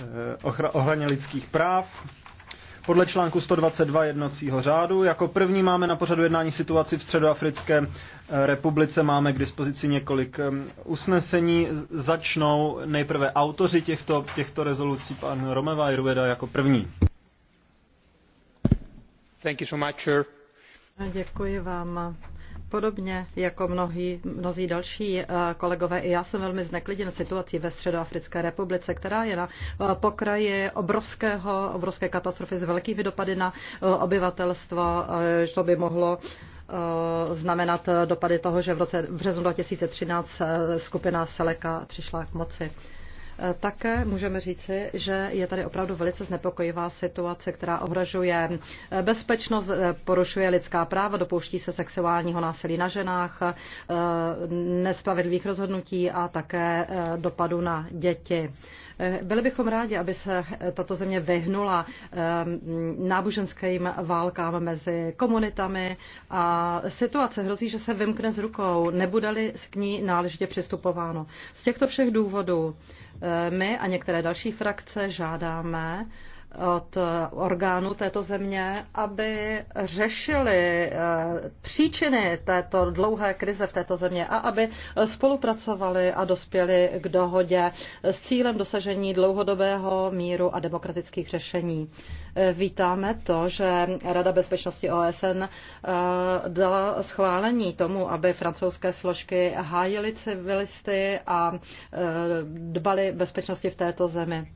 Eh, ohraně lidských práv. Podle článku 122 jednacího řádu jako první máme na pořadu jednání situaci v Středoafrické eh, republice. Máme k dispozici několik eh, usnesení. Začnou nejprve autoři těchto, těchto rezolucí, pan Romeva Irveda jako první. Thank you so much, sir. Děkuji vám, Podobně jako mnohí, mnozí další eh, kolegové, i já jsem velmi zneklidněn situací ve Středoafrické republice, která je na eh, pokraji obrovského, obrovské katastrofy s velkými dopady na eh, obyvatelstvo, že to by mohlo znamenat dopady toho, že v roce v březnu 2013 skupina Seleka přišla k moci. Také můžeme říci, že je tady opravdu velice znepokojivá situace, která ohrožuje bezpečnost, porušuje lidská práva, dopouští se sexuálního násilí na ženách, nespravedlivých rozhodnutí a také dopadu na děti. Byli bychom rádi, aby se tato země vyhnula náboženským válkám mezi komunitami a situace hrozí, že se vymkne z rukou, nebude-li k ní náležitě přistupováno. Z těchto všech důvodů Eh, my a některé další frakce žádáme od eh, orgánů této země, aby řešili eh, příčiny této dlouhé krize v této země a aby spolupracovali a dospěli k dohodě s cílem dosažení dlouhodobého míru a demokratických řešení. Eh, vítáme to, že Rada bezpečnosti OSN dala schválení tomu, aby francouzské složky hájily civilisty a dbali bezpečnosti v této zemi.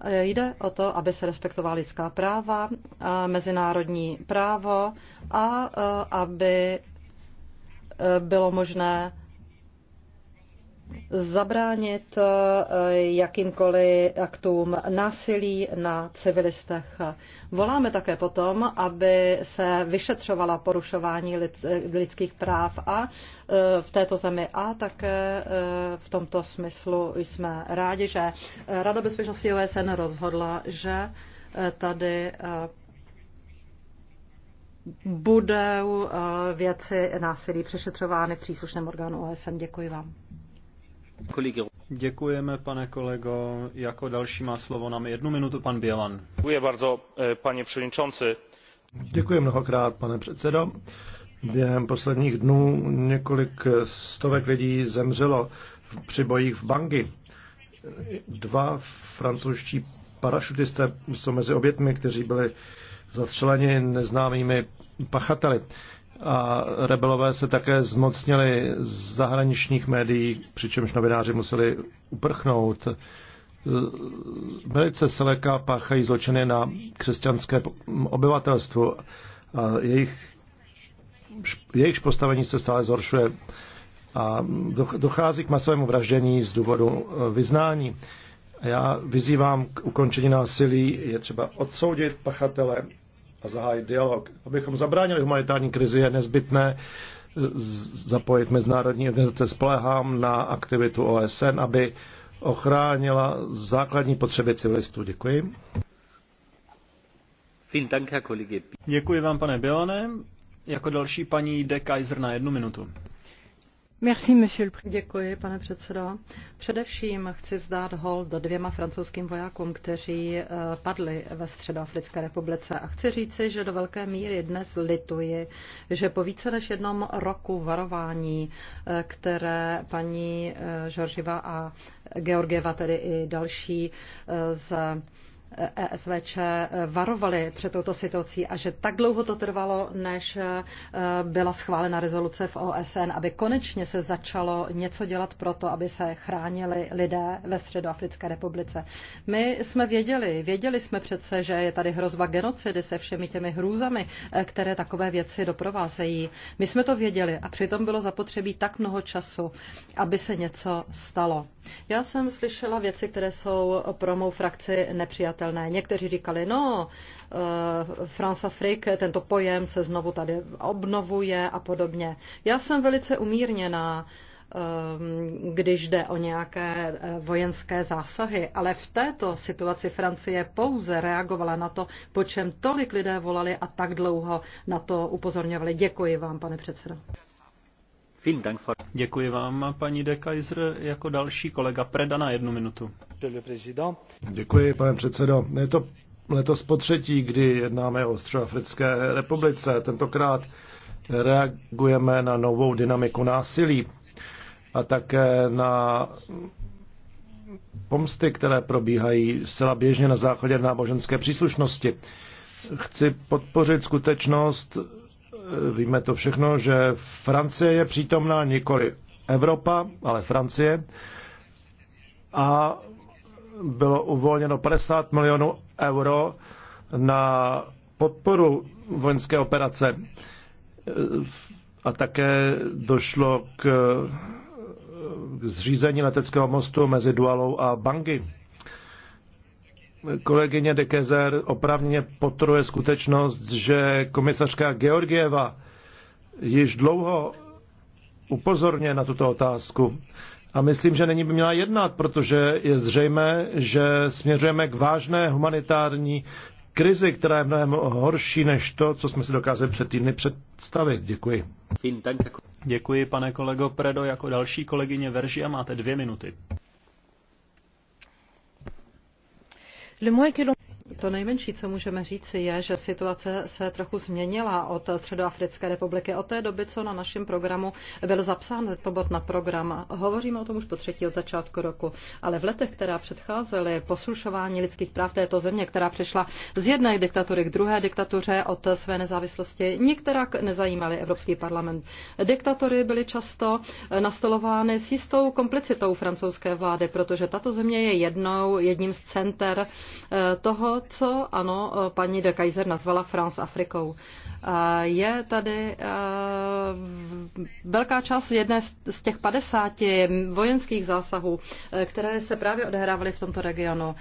Eh, jde o to, aby se respektovala lidská práva, eh, mezinárodní právo a eh, aby bylo možné zabránit eh, jakýmkoliv aktům násilí na civilistech. Voláme také potom, aby se vyšetřovala porušování eh, lidských práv a eh, v této zemi a také v tomto smyslu jsme rádi, že Rada bezpečnosti OSN rozhodla, že tady budou věci násilí přešetřovány v příslušném orgánu OSN. Děkuji vám. Děkujeme, pane kolego. Jako další má slovo nám jednu minutu pan Bělan. Děkuji bardzo, eh, pane předsedající. Děkuji mnohokrát, pane předsedo. Během posledních dnů několik stovek lidí zemřelo při bojích v Bangi. Dva francouzští parašutisté jsou mezi obětmi, kteří byli zastřeleni neznámými pachateli a rebelové se také zmocnili zahraničních médií, přičemž novináři museli uprchnout. Velice seleka páchají zločiny na křesťanské obyvatelstvu a jejich, jejich postavení se stále zhoršuje a dochází k masovému vraždění z důvodu eh, vyznání. Já vyzývám k ukončení násilí, je třeba odsoudit pachatele a zahájit dialog. Abychom zabránili humanitární krizi, je nezbytné zapojit mezinárodní organizace. Spolehám na aktivitu OSN, aby ochránila základní potřeby civilistů. Děkuji. Děkuji vám, pane Bione. Jako další paní De Kaiser na jednu minutu. Děkuji, pane předsedající. Především chci vzdát hold dvěma francouzským vojákům, kteří eh, padli ve Středoafrické republice. A chci říci, že do velké míry dnes lituji, že po více než jednom roku varování, eh, které paní eh, Žorživa a Georgieva, tedy i další z ESVČ varovali před touto situací a že tak dlouho to trvalo, než e, byla schválena rezoluce v OSN, aby konečně se začalo něco dělat pro to, aby se chránili lidé ve Středoafrické republice. My jsme věděli, věděli jsme přece, že je tady hrozba genocidy se všemi těmi hrůzami, e, které takové věci doprovázejí. My jsme to věděli a přitom bylo zapotřebí tak mnoho času, aby se něco stalo. Já jsem slyšela věci, které jsou pro mou frakci nepřijatelné přijatelné. Někteří říkali, no, eh, France Afrique, tento pojem se znovu tady obnovuje a podobně. Já jsem velice umírněná eh, když jde o nějaké eh, vojenské zásahy. Ale v této situaci Francie pouze reagovala na to, po čem tolik lidé volali a tak dlouho na to upozorňovali. Děkuji vám, pane předsedo. Děkuji vám, paní de Kaiser. Jako další kolega Preda na jednu minutu. Děkuji, pane předsedo. Je to letos po třetí, kdy jednáme o Středoafrické republice. Tentokrát reagujeme na novou dynamiku násilí a také na pomsty, které probíhají zcela běžně na základě náboženské příslušnosti. Chci podpořit skutečnost, víme to všechno, že Francie je přítomná nikoli Evropa, ale Francie. A bylo uvolněno 50 milionů euro na podporu vojenské operace a také došlo k, k zřízení leteckého mostu mezi Dualou a Bangi. Kolegyně de Kezer opravně potruje skutečnost, že komisařka Georgieva již dlouho upozorně na tuto otázku a myslím, že není by měla jednat, protože je zřejmé, že směřujeme k vážné humanitární krizi, která je mnohem horší než to, co jsme si dokázali před týdny představit. Děkuji. Děkuji, pane kolego Predo. Jako další kolegyně Veržia máte dvě minuty. To nejmenší, co můžeme říci, je, že situace se trochu změnila od Středoafrické republiky. Od té doby, co na našem programu byl zapsán to bod na program, hovoříme o tom už po třetí od začátku roku, ale v letech, která předcházely poslušování lidských práv této země, která přešla z jedné diktatury k druhé diktatuře od své nezávislosti, nikterak nezajímaly Evropský parlament. Diktatory byly často nastolovány s jistou komplicitou francouzské vlády, protože tato země je jednou, jedním z center eh, toho, co ano, eh, paní de Kaiser nazvala France Afrikou. Eh, je tady eh, velká část jedné z těch 50 vojenských zásahů, které se právě odehrávaly v tomto regionu.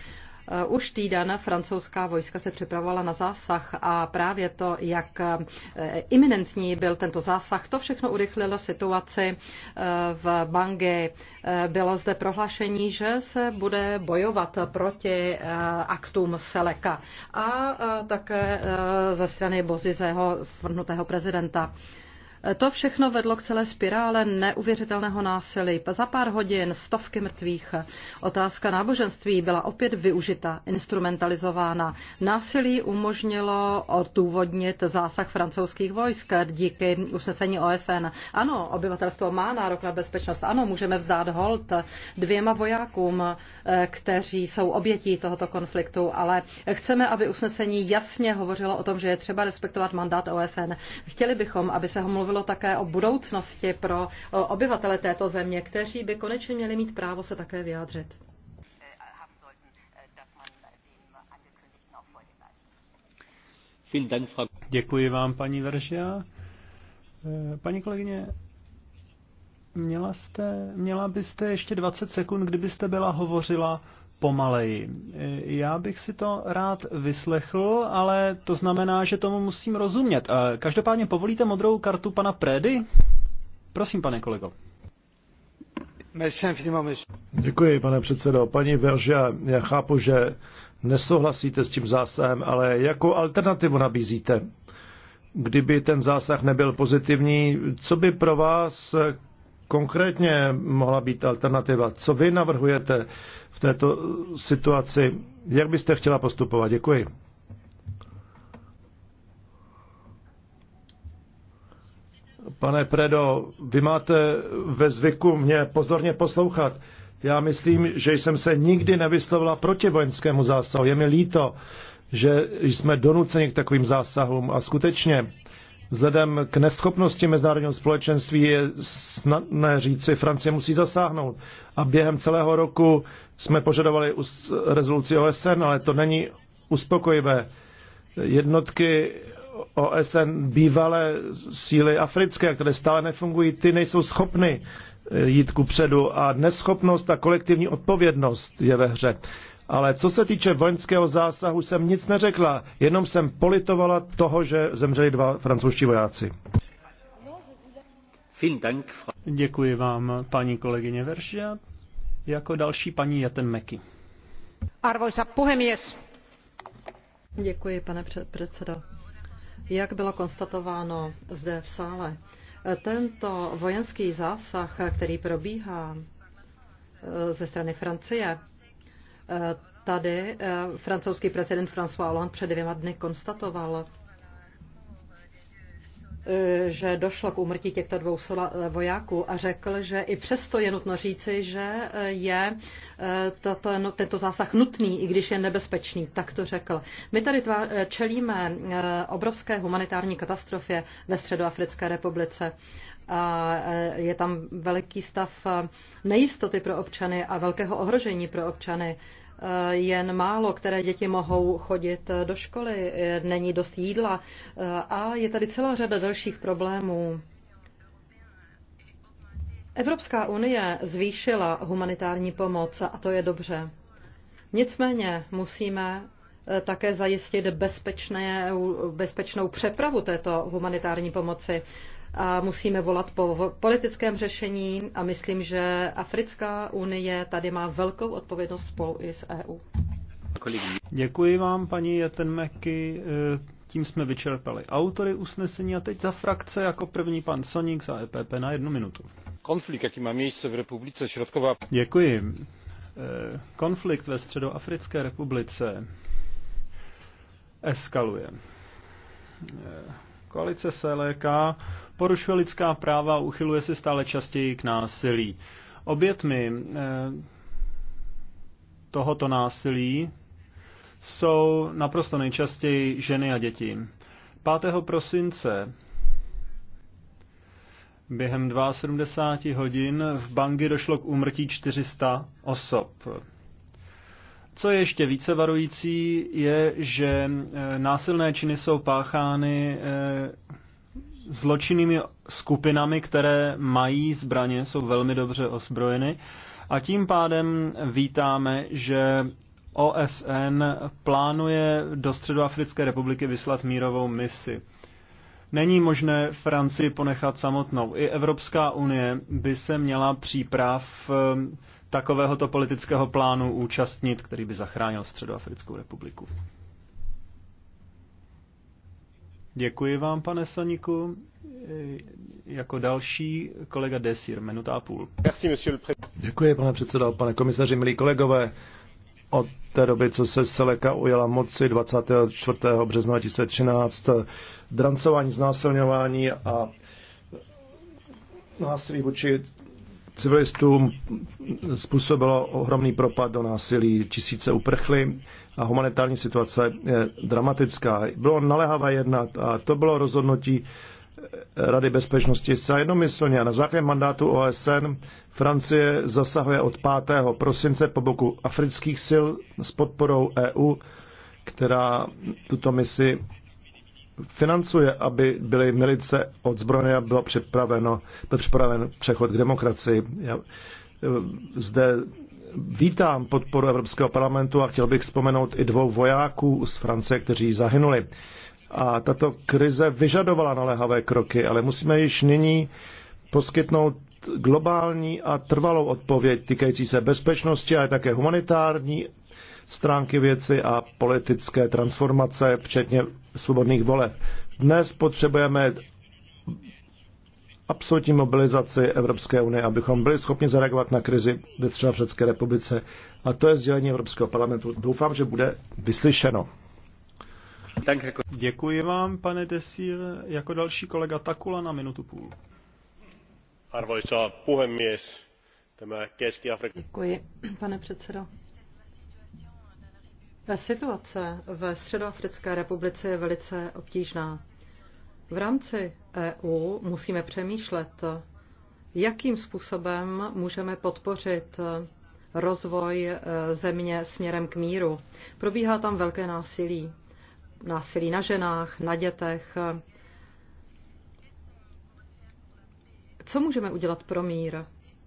Eh, už týden francouzská vojska se připravovala na zásah a právě to, jak eh, iminentní byl tento zásah, to všechno urychlilo situaci eh, v Bangé. Bylo zde prohlášení, že se bude bojovat proti aktům Seleka a také ze strany Bozizeho svrhnutého prezidenta. To všechno vedlo k celé spirále neuvěřitelného násilí. Za pár hodin stovky mrtvých. Otázka náboženství byla opět využita, instrumentalizována. Násilí umožnilo odůvodnit zásah francouzských vojsk díky usnesení OSN. Ano, obyvatelstvo má nárok na bezpečnost. Ano, můžeme vzdát hold dvěma vojákům, eh, kteří jsou obětí tohoto konfliktu, ale chceme, aby usnesení jasně hovořilo o tom, že je třeba respektovat mandát OSN. Chtěli bychom, aby se ho mluvilo mluvilo také o budoucnosti pro obyvatele této země, kteří by konečně měli mít právo se také vyjádřit. Děkuji vám, paní Veržia. Eh, paní kolegyně, měla, jste, měla byste ještě 20 sekund, kdybyste byla hovořila pomaleji. E, já bych si to rád vyslechl, ale to znamená, že tomu musím rozumět. E, každopádně povolíte modrou kartu pana Prédy? Prosím, pane kolego. Děkuji, pane předsedo. Paní Verža, já chápu, že nesouhlasíte s tím zásahem, ale jakou alternativu nabízíte? Kdyby ten zásah nebyl pozitivní, co by pro vás konkrétně mohla být alternativa? Co vy navrhujete v této situaci? Jak byste chtěla postupovat? Děkuji. Pane Predo, vy máte ve zvyku mě pozorně poslouchat. Já myslím, že jsem se nikdy nevyslovila proti vojenskému zásahu. Je mi líto, že jsme donuceni k takovým zásahům. A skutečně Vzhledem k neschopnosti mezinárodního společenství je snadné říci, Francie musí zasáhnout. A během celého roku jsme požadovali rezoluci OSN, ale to není uspokojivé. Jednotky OSN bývalé síly africké, které stále nefungují, ty nejsou schopny jít ku předu a neschopnost a kolektivní odpovědnost je ve hře. Ale co se týče vojenského zásahu, jsem nic neřekla, jenom jsem politovala toho, že zemřeli dva francouzští vojáci. Děkuji vám, paní kolegyně Veršia. Jako další paní Meky. Arvoisa puhemies. Děkuji, pane předsedo. Jak bylo konstatováno zde v sále, tento vojenský zásah, který probíhá eh, ze strany Francie, Eh, tady eh, francouzský prezident François Hollande před dvěma dny konstatoval, eh, že došlo k úmrtí těchto dvou vojáků a řekl, že i přesto je nutno říci, že je tato, no, tento zásah nutný, i když je nebezpečný. Tak to řekl. My tady tva, čelíme obrovské humanitární katastrofě ve Středoafrické republice a e, je tam veliký stav e, nejistoty pro občany a velkého ohrožení pro občany. E, jen málo, které děti mohou chodit do školy, není dost jídla a je tady celá řada dalších problémů. Evropská unie zvýšila humanitární pomoc a to je dobře. Nicméně musíme také zajistit bezpečné, bezpečnou přepravu této humanitární pomoci a musíme volat po politickém řešení a myslím, že Africká unie tady má velkou odpovědnost spolu i s EU. Děkuji vám, paní Jetenmeky. Eh, tím jsme vyčerpali autory usnesení a teď za frakce jako první pan Sonik za EPP na jednu minutu. Konflikt, jaký má místo v republice Šrotková. Děkuji. Eh, konflikt ve Středoafrické republice eskaluje eh, Koalice SLK porušuje lidská práva a uchyluje se stále častěji k násilí. Obětmi eh, tohoto násilí jsou naprosto nejčastěji ženy a děti. 5. prosince během 72 hodin v Bangi došlo k úmrtí 400 osob. Co je ještě více varující, je, že eh, násilné činy jsou páchány eh, zločinnými skupinami, které mají zbraně, jsou velmi dobře ozbrojeny. A tím pádem vítáme, že OSN plánuje do Středoafrické republiky vyslat mírovou misi. Není možné Francii ponechat samotnou. I Evropská unie by se měla příprav eh, takovéhoto politického plánu účastnit, který by zachránil Středoafrickou republiku. Děkuji vám, pane Saniku, Jako další kolega Desir, minuta a půl. Děkuji, pane předsedo, pane komisaři, milí kolegové. Od té doby, co se Seleka ujala moci 24. března 2013, drancování, znásilňování a násilí vůči civilistům způsobilo ohromný propad do násilí, tisíce uprchly a humanitární situace je dramatická. Bylo naléhavé jednat a to bylo rozhodnutí Rady bezpečnosti zcela jednomyslně. A na základě mandátu OSN Francie zasahuje od 5. prosince po boku afrických sil s podporou EU, která tuto misi financuje, aby byly milice odzbrojené a bylo připraveno, byl připraven přechod k demokracii. Já eh, zde vítám podporu Evropského parlamentu a chtěl bych vzpomenout i dvou vojáků z Francie, kteří zahynuli. A tato krize vyžadovala naléhavé kroky, ale musíme již nyní poskytnout globální a trvalou odpověď týkající se bezpečnosti, a také humanitární stránky věci a politické transformace, včetně svobodných voleb. Dnes potřebujeme absolutní mobilizaci Evropské unie, abychom byli schopni zareagovat na krizi ve české republice. A to je sdělení Evropského parlamentu. Doufám, že bude vyslyšeno. Jako- Děkuji vám, pane Desir, Jako další kolega Takula na minutu půl. Arvoisa puhemies, tämä Keski-Afrika... Děkuji, pane předsedo. Situace ve Středoafrické republice je velice obtížná. V rámci EU musíme přemýšlet, jakým způsobem můžeme podpořit rozvoj e, země směrem k míru. Probíhá tam velké násilí. Násilí na ženách, na dětech. Co můžeme udělat pro mír?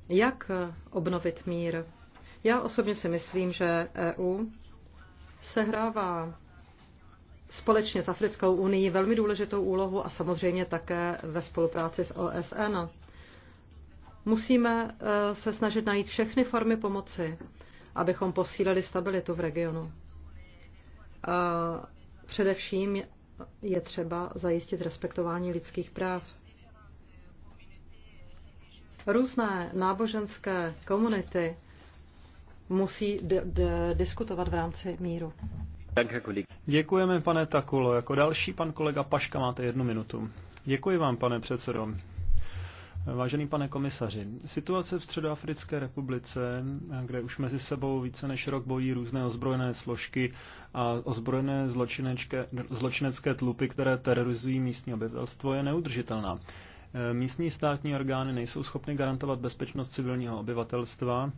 Jak obnovit mír? Já osobně si myslím, že EU sehrává společně s Africkou unii velmi důležitou úlohu a samozřejmě také ve spolupráci s OSN. Musíme eh, se snažit najít všechny formy pomoci, abychom posílili stabilitu v regionu. A především je třeba zajistit respektování lidských práv. Různé náboženské komunity musí diskutovat v rámci míru. Děkujeme, pane Takulo. Jako další pan kolega Paška máte jednu minutu. Děkuji vám, pane předsedo. Vážený pane komisaři, situace v Středoafrické republice, kde už mezi sebou více než rok bojí různé ozbrojené složky a ozbrojené zločinecké tlupy, které terorizují místní obyvatelstvo, je neudržitelná. Místní státní orgány nejsou schopny garantovat bezpečnost civilního obyvatelstva,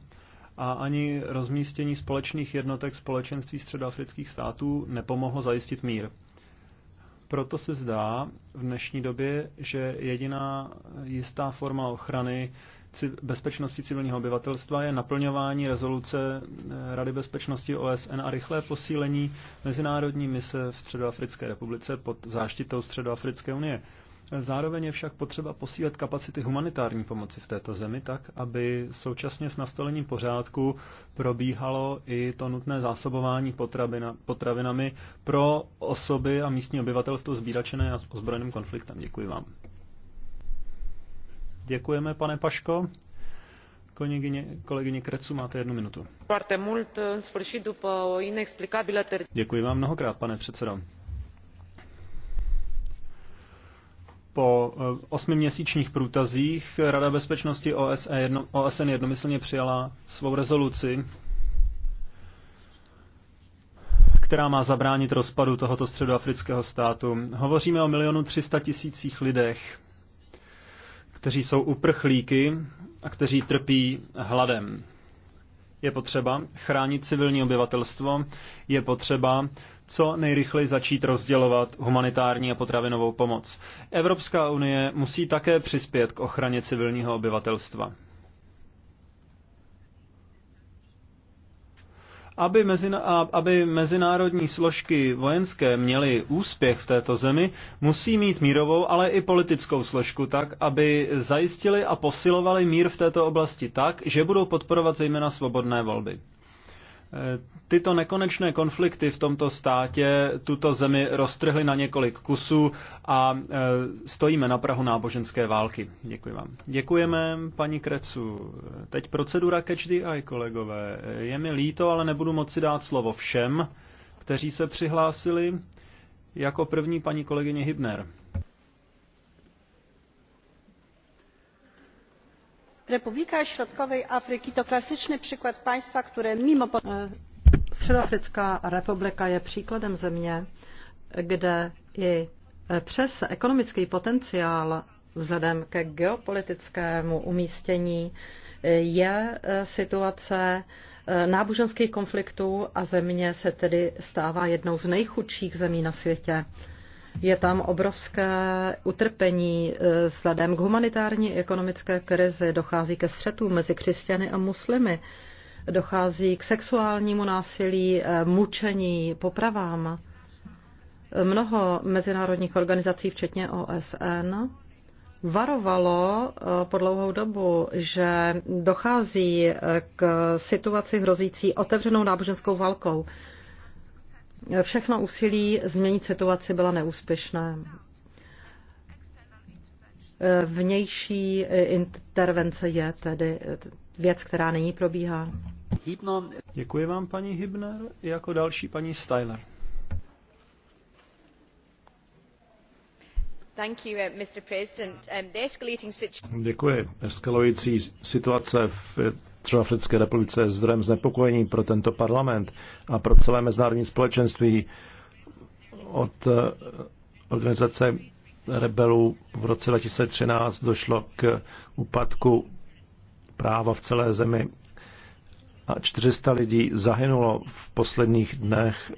a ani rozmístění společných jednotek společenství středoafrických států nepomohlo zajistit mír. Proto se zdá v dnešní době, že jediná jistá forma ochrany bezpečnosti civilního obyvatelstva je naplňování rezoluce eh, Rady bezpečnosti OSN a rychlé posílení mezinárodní mise v Středoafrické republice pod záštitou Středoafrické unie. Zároveň je však potřeba posílit kapacity humanitární pomoci v této zemi tak, aby současně s nastolením pořádku probíhalo i to nutné zásobování potravina, potravinami pro osoby a místní obyvatelstvo zbíračené a ozbrojeným konfliktem. Děkuji vám. Děkujeme, pane Paško. Kolegyně, kolegyně Krecu, máte jednu minutu. Děkuji vám mnohokrát, pane předsedo. po eh, osmiměsíčních průtazích Rada bezpečnosti OSN, e jednomyslně přijala svou rezoluci, která má zabránit rozpadu tohoto středoafrického státu. Hovoříme o milionu třista tisících lidech, kteří jsou uprchlíky a kteří trpí hladem. Je potřeba chránit civilní obyvatelstvo, je potřeba co nejrychleji začít rozdělovat humanitární a potravinovou pomoc. Evropská unie musí také přispět k ochraně civilního obyvatelstva. Aby, mezina, aby mezinárodní složky vojenské měly úspěch v této zemi, musí mít mírovou, ale i politickou složku tak, aby zajistili a posilovali mír v této oblasti tak, že budou podporovat zejména svobodné volby. Tyto nekonečné konflikty v tomto státě tuto zemi roztrhly na několik kusů a e, stojíme na Prahu náboženské války. Děkuji vám. Děkujeme, paní Krecu. Teď procedura Catch the Eye, kolegové. Je mi líto, ale nebudu moci dát slovo všem, kteří se přihlásili. Jako první paní kolegyně Hybner. republika środkowej afryki to klasyczny przykład państwa które mimo. E, středoafrická republika je příkladem země kde i e, přes ekonomický potenciál vzhledem ke geopolitickému umístění e, je situace náboženských konfliktů a země se tedy stává jednou z nejchudších zemí na světě. Je tam obrovské utrpení eh, vzhledem k humanitární ekonomické krizi. Dochází ke střetům mezi křesťany a muslimy. Dochází k sexuálnímu násilí, eh, mučení, popravám. Mnoho mezinárodních organizací, včetně OSN, varovalo eh, po dlouhou dobu, že dochází k situaci hrozící otevřenou náboženskou válkou všechno úsilí změnit situaci byla neúspěšné. Vnější intervence je tedy věc, která nyní probíhá. Děkuji vám, paní Hybner. Jako další paní Steiner. Uh, um, Děkuji. Eskalující situace v Africké republice je zdrojem znepokojení pro tento parlament a pro celé mezinárodní společenství od eh, organizace rebelů v roce 2013 došlo k úpadku práva v celé zemi a 400 lidí zahynulo v posledních dnech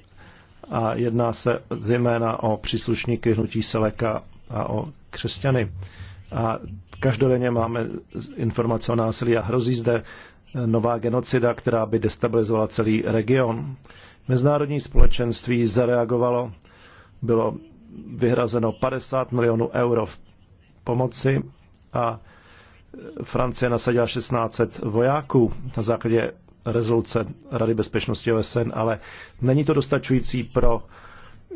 a jedná se zejména o příslušníky hnutí Seleka a o křesťany. A každodenně máme informace o násilí a hrozí zde nová genocida, která by destabilizovala celý region. Mezinárodní společenství zareagovalo, bylo vyhrazeno 50 milionů euro v pomoci a Francie nasadila 1600 vojáků na základě rezoluce Rady bezpečnosti OSN, ale není to dostačující pro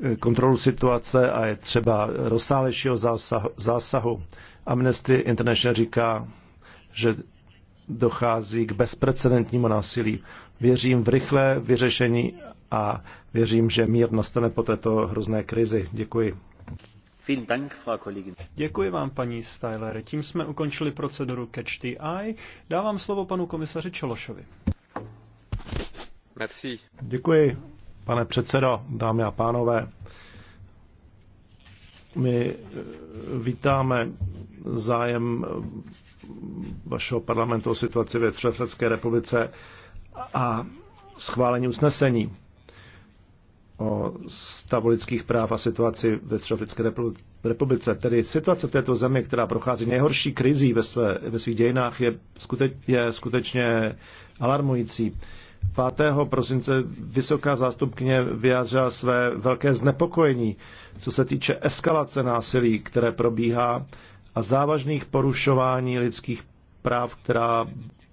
Eh, kontrolu situace a je třeba rozsálejšího zásahu. zásahu. Amnesty International říká, že dochází k bezprecedentnímu násilí. Věřím v rychlé vyřešení a věřím, že mír nastane po této hrozné krizi. Děkuji. Děkuji vám, paní Styler. Tím jsme ukončili proceduru Catch the Eye. Dávám slovo panu komisaři Čološovi. Merci. Děkuji. Pane předsedo, dámy a pánové, my eh, vítáme zájem vašeho parlamentu o situaci ve Třeflecké republice a schválení usnesení o stavu lidských práv a situaci ve Středoafrické republice. Tedy situace v této zemi, která prochází nejhorší krizí ve, své, ve svých dějinách, je, skute, je skutečně alarmující. 5. prosince vysoká zástupkyně vyjádřila své velké znepokojení, co se týče eskalace násilí, které probíhá a závažných porušování lidských práv, která,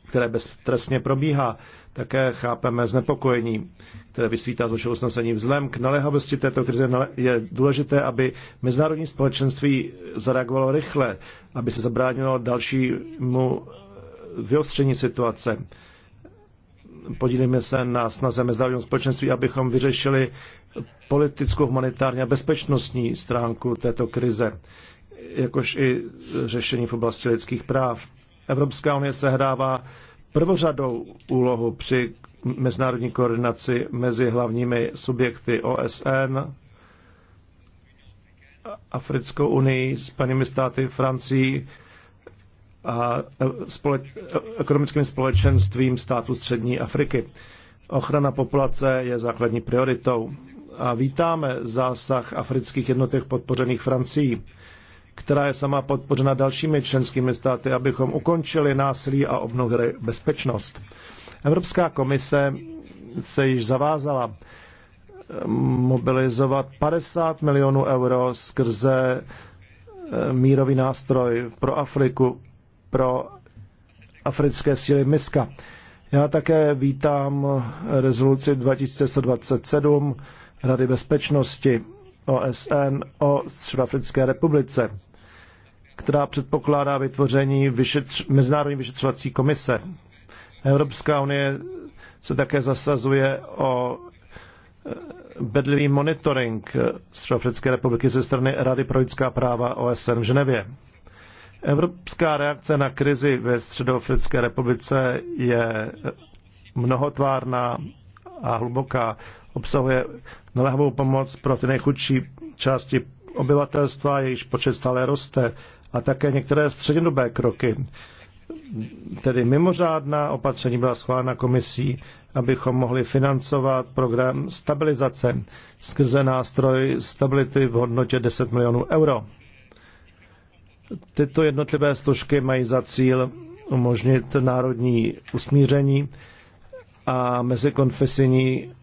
které beztrestně probíhá. Také chápeme znepokojení, které vysvítá z vašeho usnesení. Vzhledem k naléhavosti této krize je důležité, aby mezinárodní společenství zareagovalo rychle, aby se zabránilo dalšímu vyostření situace podílíme se na snaze mezinárodního společenství, abychom vyřešili politickou, humanitární a bezpečnostní stránku této krize, jakož i řešení v oblasti lidských práv. Evropská unie sehrává prvořadou úlohu při mezinárodní koordinaci mezi hlavními subjekty OSN, Africkou unii, Spojenými státy, Francií, a společ, ekonomickým společenstvím států střední Afriky. Ochrana populace je základní prioritou a vítáme zásah afrických jednotek podpořených Francií, která je sama podpořena dalšími členskými státy, abychom ukončili násilí a obnovili bezpečnost. Evropská komise se již zavázala mobilizovat 50 milionů euro skrze eh, mírový nástroj pro Afriku pro africké síly MISKA. Já také vítám rezoluci 2127 Rady bezpečnosti OSN o Středoafrické republice, která předpokládá vytvoření vyšetř, Mezinárodní vyšetřovací komise. Evropská unie se také zasazuje o eh, bedlivý monitoring Středoafrické republiky ze strany Rady pro lidská práva OSN v Ženevě. Evropská reakce na krizi ve Středoafrické republice je mnohotvárná a hluboká. Obsahuje nelehovou pomoc pro ty nejchudší části obyvatelstva, jejíž počet stále roste, a také některé střednědobé kroky. Tedy mimořádná opatření byla schválena komisí, abychom mohli financovat program stabilizace skrze nástroj stability v hodnotě 10 milionů euro. Tyto jednotlivé složky mají za cíl umožnit národní usmíření a mezikonfesijní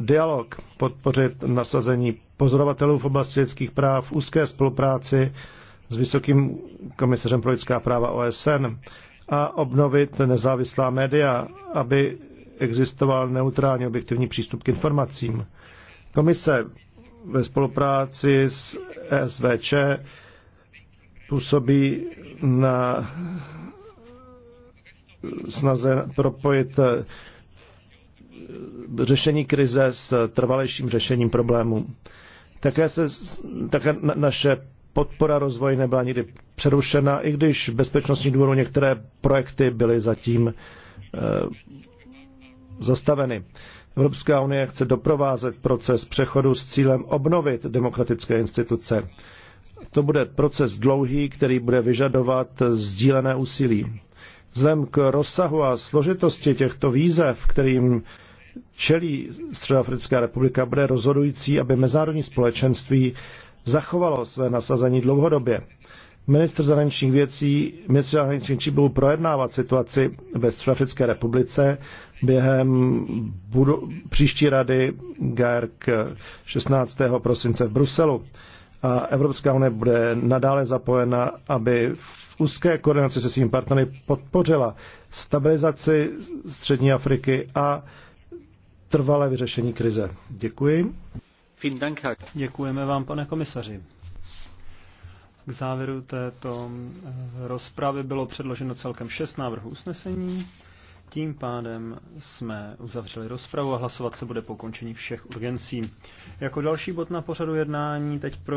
dialog, podpořit nasazení pozorovatelů v oblasti lidských práv, úzké spolupráci s Vysokým komisařem pro lidská práva OSN a obnovit nezávislá média, aby existoval neutrální objektivní přístup k informacím. Komise ve spolupráci s SVČ působí na snaze propojit eh, řešení krize s trvalejším řešením problémů. Také, se, také naše podpora rozvoje nebyla nikdy přerušena, i když v bezpečnostní důvodu některé projekty byly zatím e, zastaveny. Evropská unie chce doprovázet proces přechodu s cílem obnovit demokratické instituce to bude proces dlouhý, který bude vyžadovat sdílené úsilí. Vzhledem k rozsahu a složitosti těchto výzev, kterým čelí Středoafrická republika, bude rozhodující, aby mezinárodní společenství zachovalo své nasazení dlouhodobě. Ministr zahraničních věcí, ministr zahraničních věcí budou projednávat situaci ve Středoafrické republice během budu, příští rady GERK 16. prosince v Bruselu a Evropská unie bude nadále zapojena, aby v úzké koordinaci se svými partnery podpořila stabilizaci střední Afriky a trvalé vyřešení krize. Děkuji. Děkujeme vám, pane komisaři. K závěru této eh, rozpravy bylo předloženo celkem šest návrhů usnesení. Tím pádem jsme uzavřeli rozpravu a hlasovat se bude po ukončení všech urgencí. Jako další bod na pořadu jednání teď pro.